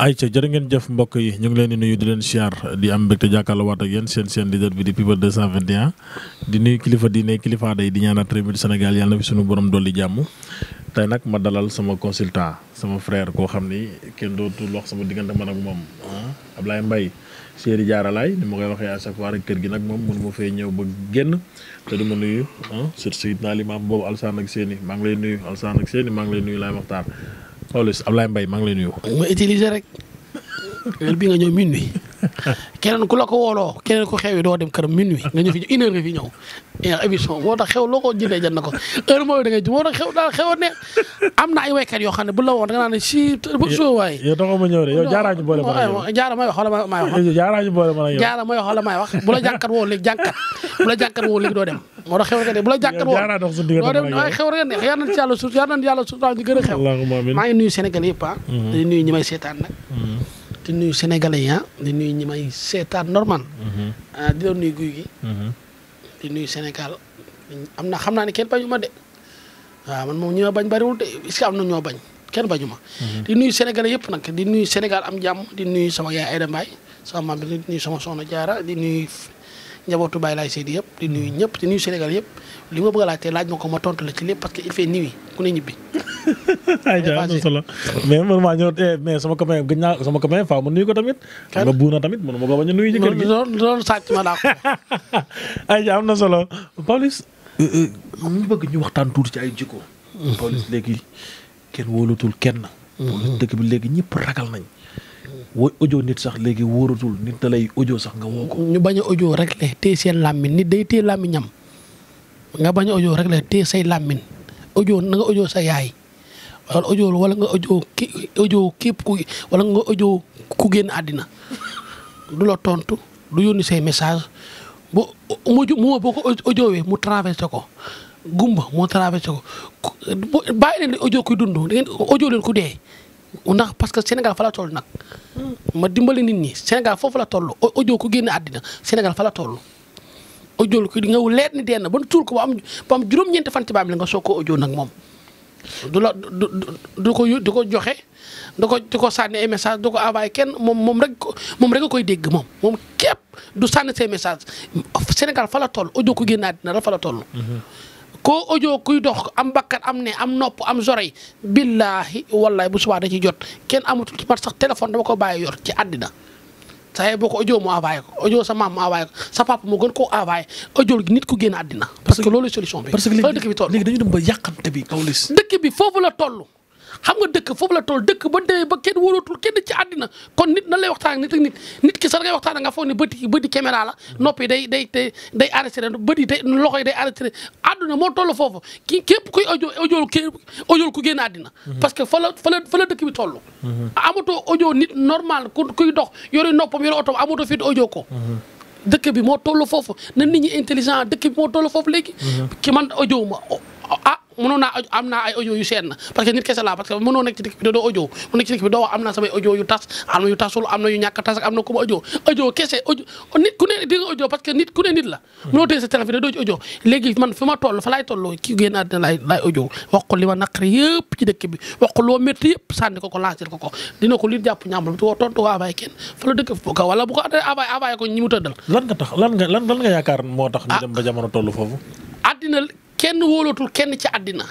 ay ayca jërë ngeen jëf mbokk yi ñu ngi leen di nuyu di leen siyaar di am mbégte jàkkaarloo waat ak yéen seen seen leader di People di nuyu kilifa diine kilifa day di ñaanal réew mi Sénégal yàlla na fi sunu borom dolli jàmm tey nag ma dalal sama consultant sama frère koo xam ni kenn dootul wax sama diggante man ak moom ah, Ablaye Mbaye Chéri Diarra Laye ni ma koy waxee à chaque fois rek kër gi nag moom mënu ma fee ñëw ba génn te du ma nuyu ah, surtout naa li maam boobu Alsaan ak maa ngi lay nuyu Alsaan ak Séni maa ngi lay nuyu Laay Pawlish Ablaye Mbaye maa ngi lay nuyu. ma utiliser rek heure bi nga ñëw minuit keneen ku la ko wooloo keneen ku xew yi doo dem këram minuit nga ñëw fi une heure nga fi ñëw émission moo tax xew loo ko jëndee jënd na ko heure mooy da ngay ji moo tax xew daal xew ne am na ay waykat yoo xam ne bu la woon da nga naan ne si bu soo waay yow taxaw ma ñëw de yow jaaraa ñu boole ma jaara may wax wala may wax jaaraa ñu boole ma jaara may wax wala may wax bu la jànkat woo léegi jànkat bu la jànkat woo léegi doo dem moo tax xew nga bu la jànkat woo doo dem waaye xew nga ne yar nañ ci yàlla suuf yar nañ yàlla suuf ñu gën a xew maa ngi nuyu Sénégal yëpp ah mm-hmm. di nuyu ñi may seetaan nag mm-hmm. di nuyu sénégalais yi ah, di nuyu ñi may normal. Mhm. Ah, di la guy gi. Mhm. di nuyu Sénégal am na xam naa ne kenn bañu ma de waaw man moom ñi ma bañ bariwul de est que am na ñoo bañ kenn bañu ma. Mhm. di nuyu sénégalais yëpp nag di nuyu Sénégal am jàmm di nuyu sama yaay Aïda Mbaye sama maam bi di sama soxna Diarra di nuyu. njabootu Baye Laye Seydi yëpp di nuyu ñëpp di nuyu Sénégal yëpp li ma bëgg a laajte laaj ma ko ma tontu la ci lépp parce que il fait nuit ku ne ñibbi. ayca am na solo mais man maa ñëw eh, mais sama copain gën sama copain faaw ma nuyu ko tamit. xam tamit mënuma ko bañ a nuyu. ci kër gi loolu loolu sàcc am na solo Pawlish. mu euh, euh, bëgg ñu waxtaan tuuti ci ay jikko. Mm-hmm. Pawlish léegi kenn wóolatul kenn. Mm-hmm. Pawlish dëkk bi léegi ñëpp ragal nañ wooy audio nit sax léegi wóoratul nit da lay sax nga woo ko. ñu bañ a audio seen làmmiñ nit day téye làmmiñam nga bañ a audio rek la téye say làmmiñ audio na nga audio sa yaay wala audio wala nga audio ki audio képp ku wala nga audio ku génn àddina du la tontu du yónni say message bu mu mu mu traversé ko. moo traversé ko bàyyi leen dund da ngeen audio ku dee. ndax parce que Sénégal fa la toll nag. ma dimbali nit ñi Sénégal foofu la toll audio ko génn àddina Sénégal fa la toll. audio ko nga leer ni dee na ba tuur ko am ba am juróom-ñeenti fan nga soog nag moom. du la du du ko du ko joxe du ko ko sànni message du ko envoyé kenn moom rek moom rek koy dégg moom moom képp du sànni say message Sénégal fa la toll audio ko génn àddina la fa la toll. Mm-hmm. koo audio kuy dox am bakkat am ne am nopp am zorey billaahi wallahi bu subaa da ci jot kenn amatul ci man sax téléphone dama ko bàyyi yor ci àddina saa boo ko audio mu envoyé ko audio sa maam mu envoyé ko sa papa mu gën koo envoyé audio nit ku génn àddina parce que loolu solution bi. parce que léegi dëkk bi toll foofu la toll. xam nga dëkk foofu la toll dëkk ba dee ba kenn wóorootul kenn ci àddina kon nit na lay waxtaan ak nit ak nit ki sax ngay waxtaan nga foog ne bëti bëti caméra noppi day day day day arrêté bëti day loxo yi day arrêté àdduna moo toll foofu ki képp kuy audio audio audio ku génn àddina parce que fa la fa la fa la dëkk bi toll amatoo audio nit normal ku kuy dox yore noppam yore otom amatoo fit audio dëkk bi moo toll foofu na nit ñi intelligent dëkk bi moo toll foofu léegi ki man audio mënoon naa am naa ay audio yu seen na parce que nit kese laa parce que mënoo nekk ci dëkk bi da doo audio mu nekk ci dëkk bi doo wax am naa samay audio yu tas am na yu tasul am na yu ñàkk tas am na ku ma hmm. audio léegi man fi ma toll fa laay toll ki génn àddina ko ko loo ko ko laajal ko ko li jàpp ñaambal tu tontu ko avaye kenn fa la dëkk ko wala bu ko avaye avaye ko ñi mu tëddal lan nga tax lan nga yaakaar moo tax ah. dem ba jamono toll foofu kenn wóolootul kenn ci àddina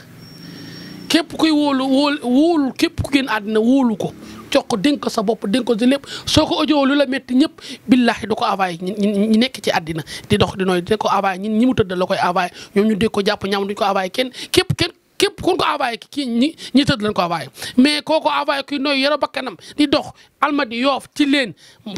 képp kuy wóolu wóol wóolul képp ku génn àddina wóolu ko jox ko dénk sa bopp dénk ko si lépp soo ko audio la métti ñëpp billahi du ko avayé ñi nekk ci àddina di dox di nooy di ko avayé ñi ñi mu tëdd la koy avayé ñoom ñu dégg ko jàpp ñaam duñ ko avayé kenn képp kenn képp ku ko envoyé kii ñi ñi tëdd lañ ko envoyé mais koo ko envoyé kuy nooy yore bakkanam di dox almadi yoof ci leen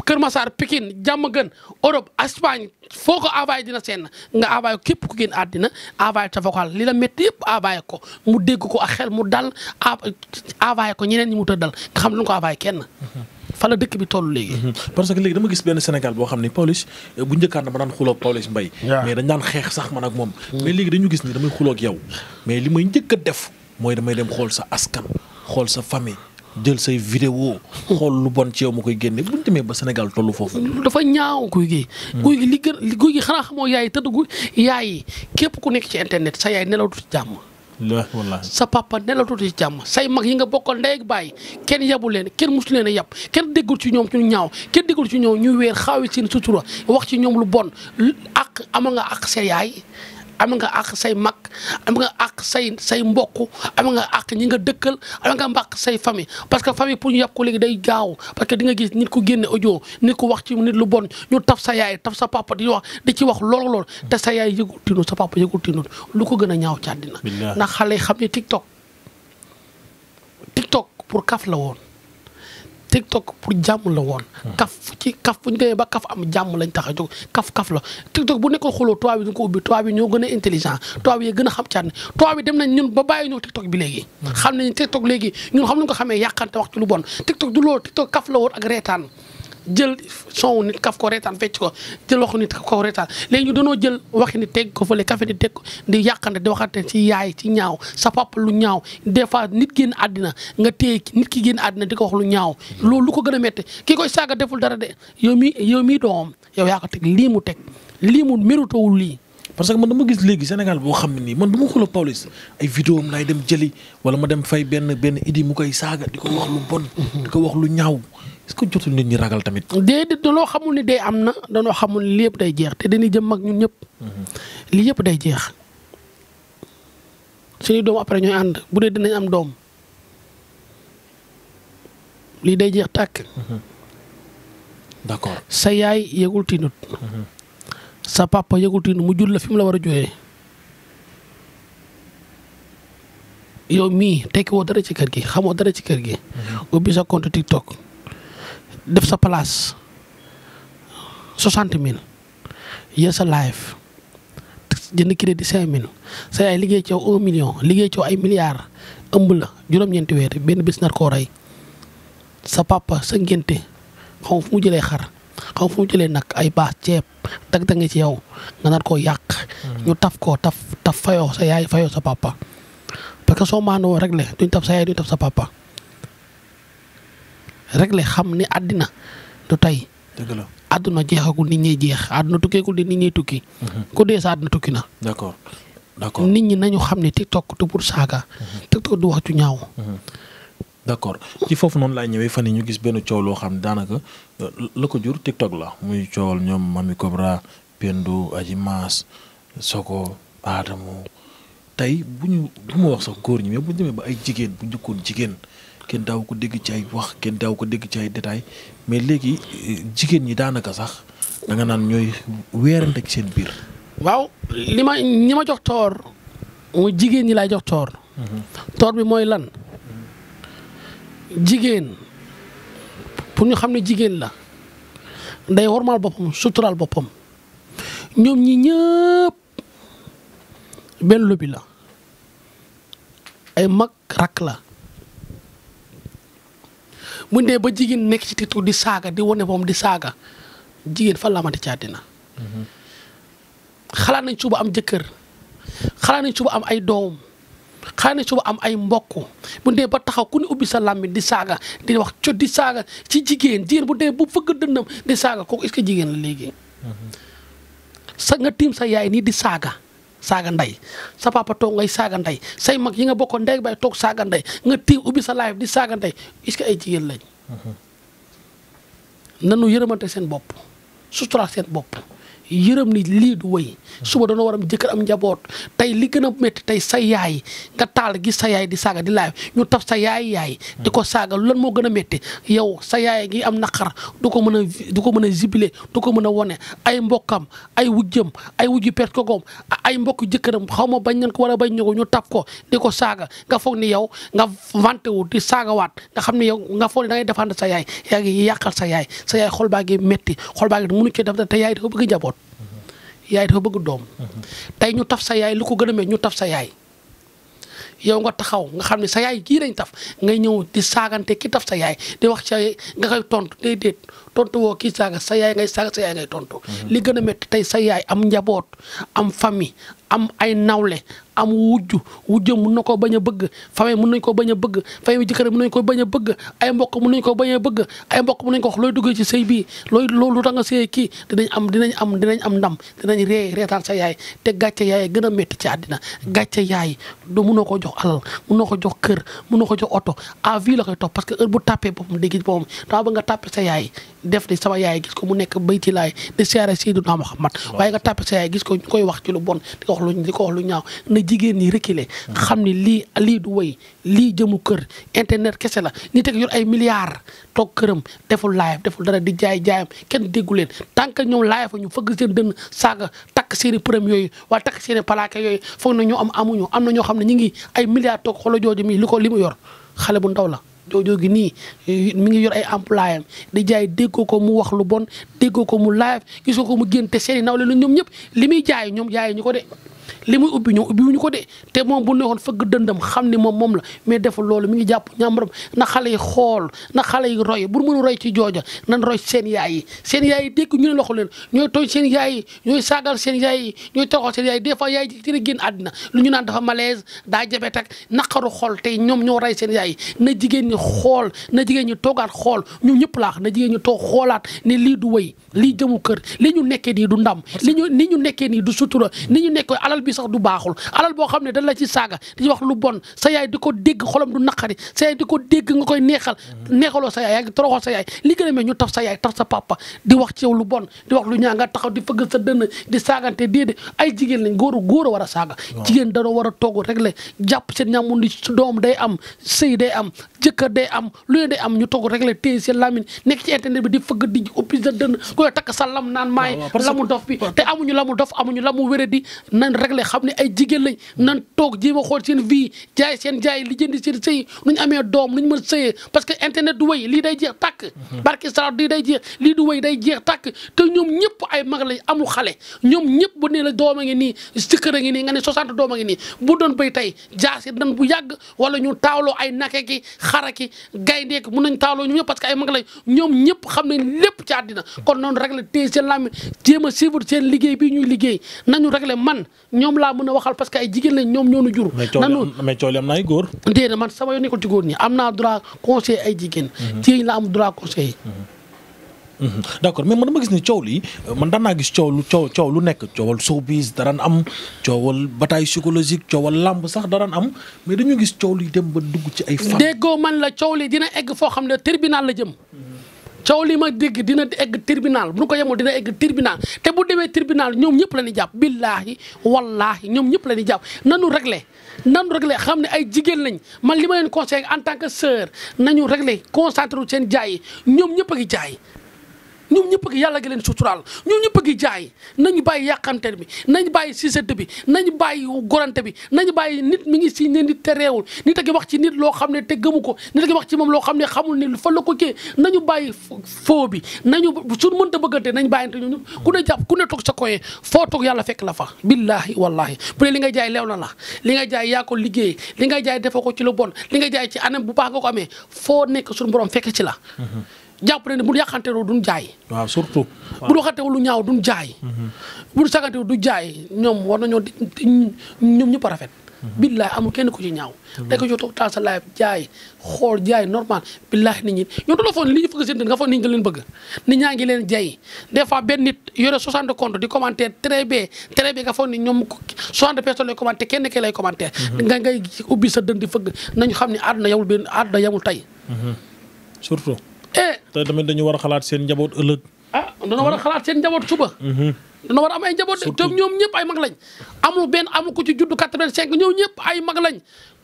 Kër masaar Pikine jàmm gën Europe Espagne foo ko envoyé dina seen nga envoyé képp ku génn àddina envoyé ta vocal li la métti yëpp envoyé ko mu dégg ko a xel mu dal envoyé ko ñeneen ñi mu tëddal nga xam lu ko envoyé kenn mhm. fa dëkk bi toll léegi. Mhm. parce que léegi dama gis benn Sénégal boo xam ni Pawlish eh, bu njëkkaan ba daan xuloo Pawlish Mbaye mais dañ daan xeex sax man ak moom. Mm. mais léegi dañu gis ni damay xuloo ak yow. mais li may njëkk a def mooy damay dem xool sa askan xool sa famille. jël say vidéo xool lu bon ci yow ma koy génnee bu ñu ba Sénégal tollu foofu. dafa ñaaw kuy gi. guy mm. gi li gi xanaa xamoo yaay tëdd gu yaay képp ku nekk ci internet sa yaay nelaw du ci jàmm. sa papa tu ci jàmm say mag yi nga bokkal ndey ak baay kenn yabu leen kenn musu leen a yab kenn déggul ci ñoom ñu ñaaw kenn déggul ci ñoom ñu weer ci seen sutura wax ci ñoom lu bon ak ama nga ak sa yaay am nga àq say mag am nga àq say say mbokk am nga àq ñi nga dëkkal am nga mbàq say famille parce que famille pour ñu yàpp ko léegi day gaaw parce que di nga gis nit ku génne audio nit ku wax ci nit lu bon ñu taf sa yaay taf sa papa di di ci wax lool lool te sa yaay yëgul tinu sa papa yëgul tinu lu ko gën a ñaaw ci àddina ndax xale xam ne TikTok TikTok pour kaf la woon TikTok pour jàmm la woon. Hmm. kaf ci kaf bu ñu demee ba kaf am jàmm lañ tax a jóg kaf kaf la TikTok bu nekkoon xuloo tubaab bi du ko ubbi tubaab bi gën a intelligent hmm. tubaab yi gën a xam caat ne tubaab yi dem nañ ñun ba bàyyi ñoo TikTok bi léegi. Hmm. xam nañ TikTok léegi ñun xam nu ko xamee yàqante wax ci lu bon TikTok du loolu TikTok kaf la woon ak reetaan jël sonw nit kaf ko reetaan fecc ko jël waxu nit kaf ko reetaan léegi ñu danoo jël waxi nit teg ko fële kafe nit teg ko di yàqante di waxante ci yaay ci ñaaw sa papa lu ñaaw des fois nit génn àddina nga téye nit ki génn àddina di ko wax lu ñaaw loolu lu ko gën a métti kii koy saaga deful dara de yow mi yow mii doom yow yaa ko teg lii mu teg lii mu méritowul lii parce que man dama gis léegi senegal boo xam ne nii man du ma xooloo Pawlish ay vidéo am laay dem jëli wala ma dem fay benn benn idi mu koy saaga di ko wax lu bon. di ko wax lu ñaaw est-ce que jotul nit ñi ragal tamit. déedéet danoo xamul ne day am na danoo xamul ne lépp day jeex te dañuy jëm mag ñun ñëpp. Mhm. lii yëpp day jeex. suñu doom après ñooy ànd bu dee dinañ am doom lii day jeex tàkk. Mhm. sa yaay yëgul tinut. Mhm. sa papa yëgul tiin mu jur la fi mu la war a juree yow mii tekki woo dara ci kër gi xamoo dara ci kër gi. Mhm. ubbi sa compte TikTok def sa place soixante mille yéen sa live jënd crédit cinq mille sa yaay liggéey ci yow un million liggéey ci ay milliards ëmb la juróom-ñeenti weer benn bis nar koo rey sa papa sa ngénte xaw fu mu jëlee xar. xaw fu mu jëlee nag ay baax ceeb dagg-dagg ci yow nga nar koo yàq. Hmm. ñu taf koo taf taf fayoo sa yaay fayoo sa papa. parce que soo maandoo réglé duñ taf sa yaay duñ taf sa papa réglé xam ni àddina du tey. la àdduna jeexagul nit ñi jeex àdduna tukkeegul di nit ñi tukki. Hmm. ku dee tukki na. d'accord d'accord nit ñi nañu xam ne TikTok du pour saaga. Hmm. TikTok du wax ju ñaaw. d'accord ci foofu noonu laay ñëwee fan yi ñu gis benn coow loo xam daanaka euh, la ko jur TikTok la muy coowal ñoom Mamy Cobra Pendo Aji Maas Soko Adamu tey bu ñu bu ma wax sax góor ñi mais bu ñu ba ay jigéen bu njëkkoon jigéen kenn daaw ko dégg ci ay wax kenn daaw ko dégg ci ay détails mais léegi euh, jigéen ñi daanaka sax da nga naan ñooy weerante ci seen biir. waaw li ma ñi ma jox toor mu jigéen ñi laay jox toor. Mm-hmm. toor bi mooy lan. jigéen pour ñu xam ne jigéen la day wormaal boppam suturaal boppam ñoom ñi ñëpp benn lobby la ay mag rakk la mun dee ba jigéen nekk ci tu di saaga di wane boppam di saaga jigéen fan la amati ci àddina mm-hmm. xalaat nañ suba am jëkkër xalaat nañ suba am ay doom xanaa ne suba am ay mbokk bu dee ba taxaw ku ne ubbi sa làmmiñ di saaga di wax co di saaga ci jigéen jigéen bu dee bu fëgg dënnam di saaga kooku est-ce que jigéen la léegi. sa nga tiim sa yaay nii di saaga saaga ndey sa papa toog ngay saaga ndey say mag yi nga bokkoon ndey bay toog saaga ndey nga tiim ubbi sa live di saaga ndey est-ce que ay jigéen lañ. Mhm. nanu yërëmante seen bopp suturaal seen bopp. yërëm ni lii du wëy suba dana war am jëkkër am njaboot tey li gën a métti tey sa yaay nga taal gi sa yaay di saaga di laay ñu taf sa yaay yaay di ko saaga lan moo gën a métti yow sa yaay gi am naqar du ko mën a du ko mën a jibile du ko mën a wone ay mbokkam ay wujjam ay wujju perte kogoom ay mbokk jëkkëram xaw ma bañ nañ ko war a bañ ñu ko ñu taf ko di ko saaga nga foog ni yow nga vanté wu di saagawaat nga xam ne yow nga foog ne da ngay défendre sa yaay yaa ngi yàqal sa yaay sa yaay xol baa ngi métti xol baa ngi mënu ci def te yaay dafa bëgg njaboot yaay dafa bëgg doom tey ñu taf sa yaay lu ko gën a mel ñu taf sa yaay yow nga taxaw nga xam ne sa yaay jii lañ taf ngay ñëw di saagante ki taf sa yaay de wax sa nga koy tontu déedéet tontu woo kii saaga sa yaay ngay saaga sa ngay tontu. Mhm. li gën a métti tey sa yaay am njaboot am famille am ay nawle am wujj wujjam mun na ko bañ a bëgg famille mun nañ koo bañ a bëgg famille jëkkër mun nañ koo bañ a bëgg ay mbokk mun nañ ko bañ a bëgg ay mbokk mun nañ ko looy duggee ci sëy bii looy loolu tax nga kii dinañ am dinañ am dinañ am ndam dinañ ree reetaan sa yaay te gàcce yaay gën a ci àddina gàcce yaay du munoo ko jox alal munoo ko jox kër munoo ko jox oto à vie la koy topp parce que heure bu tàppee boppam di gis boppam dama ba nga tàppe sa yaay gis ko mu nekk bayti laay di siyaare Seydina Muhammad waaye nga tàppe sa yaay gis ko ñu koy wax ci lu bon di ko lu li ko wax lu ñaaw na jigéen ñi reculer. xam ni lii lii du woy lii jëmu kër internet kese la ni teg yor ay milliards toog këram deful live deful dara di jaay jaayam kenn déggu leen tant que ñoom live ñu fëgg seen dënn takk seeni përëm yooyu wala takk seeni palaake yooyu foog na ñoo am amuñu am na ñoo xam ne ñu ngi ay milliards toog xolo jooju mi li ko li mu yor xale bu ndaw la. joojoo gi nii mi ngi yor ay employé di jaay déggoo ko mu wax lu bon déggoo ko mu live gisoo ko mu génn te seeni naw ñoom ñëpp li jaay ñoom jaay ñu ko de li muy ubbi ñoom ubbi wuñu ko de te moom bu neexoon fëgg dëndam xam ni moom moom la mais deful loolu mu ngi jàpp ñàmbaram na xale yi xool na xale yi roy bu mënu roy ci jooja nan roy seen yaay yi seen yaay yi dégg ñu ne loxo leen ñooy tooñ seen yaay yi ñooy saagal seen yaay yi ñooy toroxal seen yaay yi des fois yaay ji lu ñu naan dafa malaise daa jabet ak naqaru xol tey ñoom ñoo ray seen yaay yi na jigéen ñi xool na jigéen ñi toogaat xool ñu ñëpp laax na jigéen ñi toog xoolaat ne lii du way lii jëmu kër li ñu nekkee nii du ndam li ñu ni ñu nekkee nii du sutura ni alal bi bi sax du baaxul alal boo xam ne da la ci saaga di wax lu bon sa yaay di ko dégg xolam du naqari sa yaay di ko dégg nga koy neexal neexaloo sa yaay yaa ngi toroxoo sa yaay li gën a mel sa yaay taf sa papa di wax ci yow lu bon di wax lu ñaa nga taxaw di fëgg sa dënn di saagante déedéet ay jigéen lañ góor góor a war a saaga jigéen danoo war a toog rek la jàpp seen ñaamun li su doom day am sëy day am jëkkër day am lu leen day am ñu toog rek la téye seen lamine nekk ci internet bi di fëgg di uppi sa dënn koy takk sa lam naan maay lamu dof bi te amuñu lamu dof amuñu xoolee xam ne ay jigéen lañ nan toog jéem a xool seen vie jaay seen jaay li jëndi seen sëy nuñ amee doom nuñ mën sëyee parce que internet du wéy lii day jeex tàkk mhm. barki sara lii day jeex lii du wéy day jeex tàkk te ñoom ñëpp ay mag lañ amul xale ñoom ñëpp bu ne la doom a ngi nii sikkër a ngi nii nga ne 60 doom a ngi nii bu doon béy tey jaasi nan bu yàgg wala ñu taawloo ay nake ki xara ki gayndeek mun nañ taawloo ñoom ñëpp parce que ay mag lañ ñoom ñëpp xam nañ lépp ci àddina kon noonu régler téye seen làmmiñ jéem a suivre seen liggéey bi ñuy liggéey nañu régler man ñoom ñoom laa mën a waxal parce que ay jigéen ñoom ñoo nu jur. nanu mais coow li am na ay góor. déedéet man sama yoon am naa droit conseil ay jigéen. Mhm. jigéen la am droit conseil. Mhm. Mhm. d' accord mais man dama gis ne coow li man daan naa gis coow lu coow coow lu nekk coowal showbiz daraan am coowal bataille psychologique coowal làmb sax daraan am mais dañu gis coow li dem ba dugg ci ay. fan déggoo man la coow li dina egg foo xam ne tribunal la jëm. coow lii ma dégg dina egg tribunal bu ñu ko yemul dina egg tribunal te bu demee tribunal ñoom ñëpp la ñuy jàpp billaahi wallaahi ñoom ñëpp la ñuy jàpp nanu réglé nanu réglé xam ne ay jigéen lañ man li ma leen conseillé en tant que sœur nañu réglé concentré wu seen jaay yi ñoom ñëpp a ngi jaay ñoom ñëpp gi yàlla gi leen suturaal ñoom ñëpp gi jaay nañu bàyyi yàqante bi nañu bàyyi sisete bi nañu bàyyi gorante bi nañu bàyyi nit mi ngi si ne nit te réewul nit a ngi wax ci nit loo xam ne te gëmu ko nit a ngi wax ci moom loo xam ne xamul ne fa la ko kee nañu bàyyi foo bi nañu suñ mënta bëggante nañu bàyyante ñoom ñëpp ku ne jàpp ne toog sa koyee foo yàlla fekk la fa billaahi wallaahi bu dee li ngay jaay leew na la li jaay yaa ko liggéey li jaay defoo ko ci lu li ngay jaay ci anam bu baax nga ko nekk suñu borom fekk ci la mm-hmm. jàpp ne bu ñu yàqanteeloo duñ jaay. waaw surtout. bu ñu waxanteewul lu ñaaw duñ jaay. Mm-hmm. bu ñu saganteewul du jaay ñoom war nañoo ñoom ñëpp a rafet. Mm-hmm. billaay amul kenn ku ci ñaaw. Mm-hmm. tey jot ci toog jaay xool jaay normal billaay ni ñi ñoom du la foog li ñu fëgg seen dënn nga foog nit ñi leen bëgg. nit ñaa ngi leen jay des fois benn nit yore 60 compte di commentaire très bien très bien nga foog ni ñoom 60 personnes lay commenté kenn kay lay commenté. nga ngay ubbi sa dënn di fëgg nañu xam ne àdduna yamul benn àdduna yamul tey. te tamit dañu war a xalaat seen njaboot ëllëg. ah dañoo war a xalaat seen njaboot suba. Mm-hmm. dañoo war a am ay njaboot te ñoom ñëpp ay mag lañ. amul benn amul ku ci juddu 85 ñoom ñëpp ay mag lañ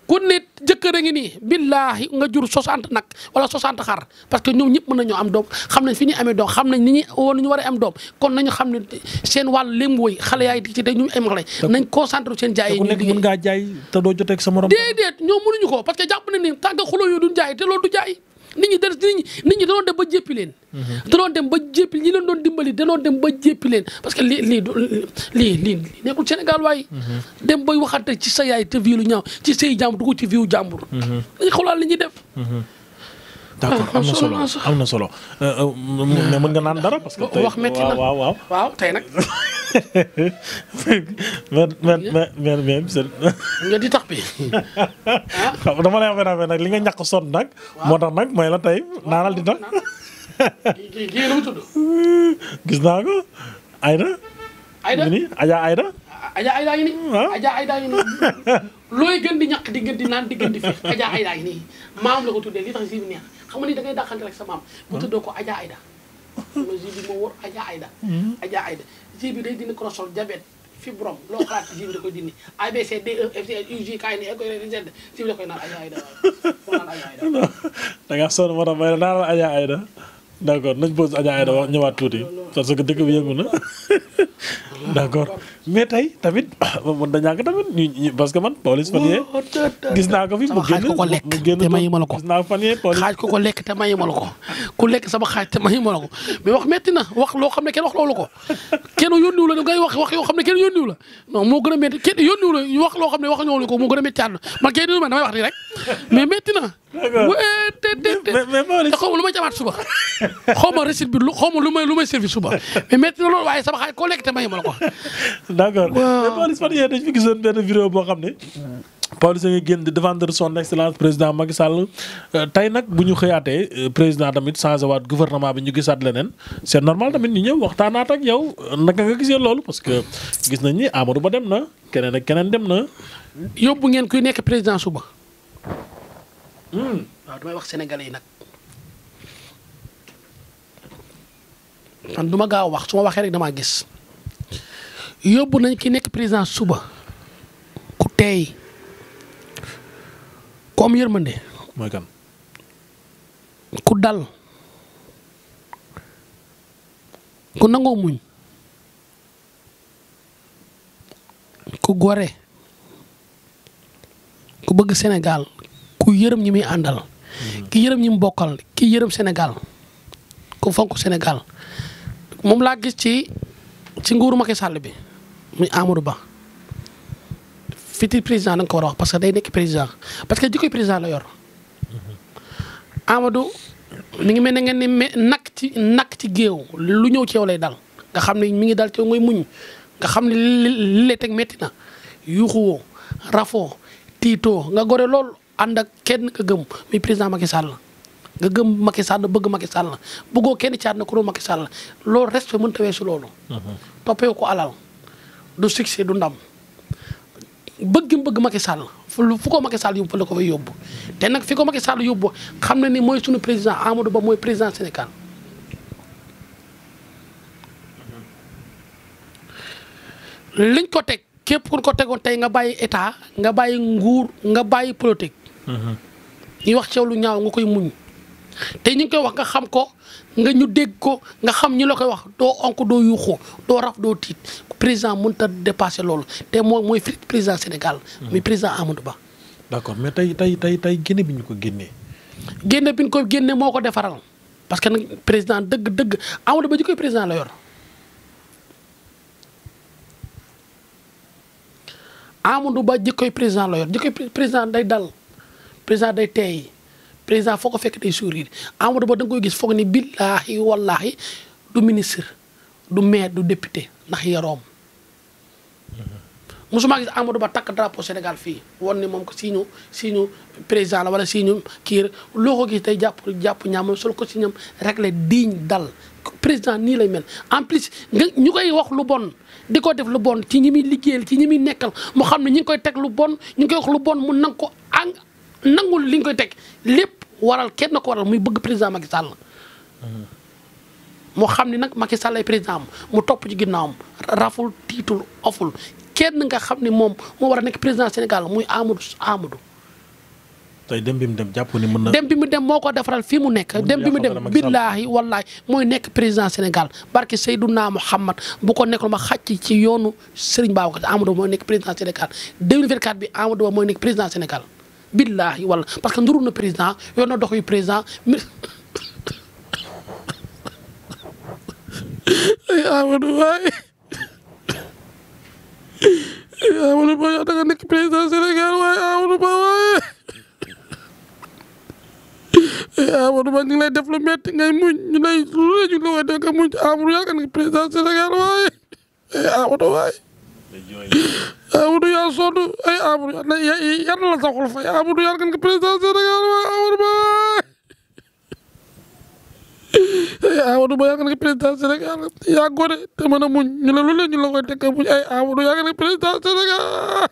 ku ne jëkkër a ngi nii billaahi nga jur 60 nag wala 60 xar parce que ñoom ñëpp mën nañoo am doom xam nañ fi ñuy amee doom a am doom kon xam ne seen wàll léem wooy xale yaay di ci te ñu ay mag lañ. nañ concentré seen jaay yi ñu liggéey mën ngaa jaay mënuñu ko parce jàpp nañ ni tant xuloo yooyu duñ jaay te loolu du jaay nit ñi da nit ñi danoon dem ba jéppi leen. Mhm. danoon dem ba jéppi ñi leen doon dimbali danoon dem ba jéppi parce que lii lii nekkul Sénégal waaye. Mhm. dem bay waxante ci sa yaay te viilu ñaaw ci say jàmbur dugg ci viilu jàmbur. Mhm. dañuy xoolaat li ñuy def. d' accord ah, am na solo am na solo mais euh, euh, mën nga naan dara parce que. wax métti na waaw waaw waaw tey nag. mais mais mais mais mais nga di tax bi. ah dama lay wax nag li nga ñàkk son nag. moo tax nag mooy la tey naanal di tax. kii nu mu tudd. gis naa ko Aida. Aida ni Aja Aida. Aja Aida ngi nii. Aja Aida ngi nii. Ah. looy gën di ñàkk di gën di naan di gën di fex Aja Aida ngi nii maam la ko tuddee li tax si neex. xam nga ni da ngay dàqante rek sa maam. bu hmm? tuddoo ko Adja Aida. ma moo wër Adja Aida. Hmm? Adja Aida ji bi day dindi cholestérol diabète fibrom loo xalaat ji bi da koy dindi ABC DE FGN UG e, KN koy naan Adja Aida waaw waaw naan da may naan Adja Aida. d' nañ pose Adja Aida ñëwaat tuuti parce que dëkk bi yëngu na mais tey tamit man da que man Pawlish fan yee oh, gis naa ko fi mu génn mu génn te mayu ma ko xaaj ko ko lekk te mayu ma ko ku lekk sama xaaj te mayu ma ko mais na wax loo xam ne kenn wax loolu ko kenn yónniwu la wax wax yoo xam ne kenn yónniwu la non moo gën a metti kenn yónniwu la la ko moo gën a metti man kenn yónniwu ma damay wax nii rek mais metti na lu xaw ma lu may lu may service suba mais metti na loolu waaye sama xaaj koo lekk te mayu ma la ko d'accord mais Pawlish fan yee dañ fi gisoon benn vidéo boo xam ne. Pawlish a ngi génn di défendre son excellence président Macky Sall euh, tey nag bu ñu xëyaatee euh, président tamit changé waat gouvernement bi ñu gisaat leneen c'est normal tamit ñu ñëw waxtaanaat ak yow naka nga gisee loolu parce que gis nañ ni Amadou Ba dem na keneen ak keneen dem na. yóbbu ngeen kuy nekk président suba. Hmm. waaw damay wax sénégalais yi nag. man duma ma gaaw wax su ma waxee rek damaa gis. yóbbu nañ ki nekk président suba ku teey ku am yërmande. ku dal ku nangoo muñ ku gore ku bëgg Sénégal ku yërëm ñi muy àndal. Mm-hmm. ki yërëm ñi mu bokkal ki yërëm Sénégal ku fonk Sénégal moom laa gis ci ci nguuru Macky sàll bi. muy Amadou Ba fiti président da nga ko war a wax parce que day nekk président parce que jikkoy président la yor mm-hmm. Amadou mi ngi mel ne ngeen ni me nakk ci nakk ci géew lu ñëw ci yow lay dal nga xam ne mi ngi dal ci yow muñ nga xam ni li lay teg métti yuuxuwoo rafoo tiitoo nga gore lool ànd ak kenn nga gëm muy président Macky Sall nga gëm Macky Sall bëgg Macky Sall bëggoo kenn caat na ku doon Macky Sall loolu respect mënut a weesu loolu. Mm-hmm. toppee ko alal. du succès du ndam bëgg bëgg Macky sàll fu ko Macky Sall yóbbu la ko fay yóbbu te nag fi ko Macky Sall yóbbu xam na ni mooy sunu président Amadou Ba mooy président Sénégal. liñ ko teg képp ku ko tegoon tey nga bàyyi état nga bàyyi nguur nga bàyyi politique. Mhm. ñuy wax ci lu ñaaw nga koy muñ. te ñu ngi koy wax nga xam ko nga ñu dégg ko nga xam ñu la koy wax doo onk doo yuuxu doo raf doo tiit président mënut a dépassé loolu te moom mooy président Sénégal. Hmm. muy président Amadou Ba. d' accord mais tey tey tey génne bi ñu ko génnee. génne bi ñu ko génne moo ko defaral parce que nag président dëgg dëgg Amadou Ba ji koy président la yor. Amadou Ba jikkoy président la yor jikkoy président day dal président day teey président foo ko fekk day sourire Amadou Ba da nga koy gis foog ni billaahi wallaahi du ministre du maire du député ndax yaroom musuma gis Amadou Ba takk drapeau Sénégal fii woon ni moom ko si ñu si président la wala si ñu loo ko gis tey jàpp jàpp ñaam sol ko si ñam rek la dal président nii lay mel en plus nga ñu koy wax lu bon di ko def lu bon ci ñi muy liggéeyal ci ñi muy nekkal mu xam ne ñi ngi koy teg lu bon ñu ngi koy wax lu bon mu nang ko ang nangul li ñu koy teg lépp waral kenn ko waral muy bëgg président Macky Sall moo xam ni nag Macky Sall ay président mu topp ci ginnaawam raful oful kenn nga xam ne moom moo war a nekk président Sénégal muy Amadou Amadou. dem bi mu dem jàpp ni mën na. dem bi mu dem moo ko defaral fii mu nekk. dem bi mu dem billaahi wallaahi mooy nekk président Sénégal barke Seydouna Muhammad bu ko nekkul ma xàcc ci yoonu Serigne Babacar Amadou mooy nekk président Sénégal 2024 bi Amadou Ba mooy nekk président Sénégal billaahi walla parce que nduru na président yor dox yu président. Amadou waay. Amadou Ba yow nga nekk président Sénégal waaye Amadou Ba waaye eh, Amadou Ba ñu lay def lu métti muñ ñu lay lu la ñu la wax nga muñ nga eh, eh, nekk président Sénégal waaye Amadou waaye Amadou yaa sonn Amadou Ba yaa ngi président Sénégal yaa góode te mën a muñ ñu la leen ñu la koy tekkee muñ ay Amadou yaa ngi président Sénégal.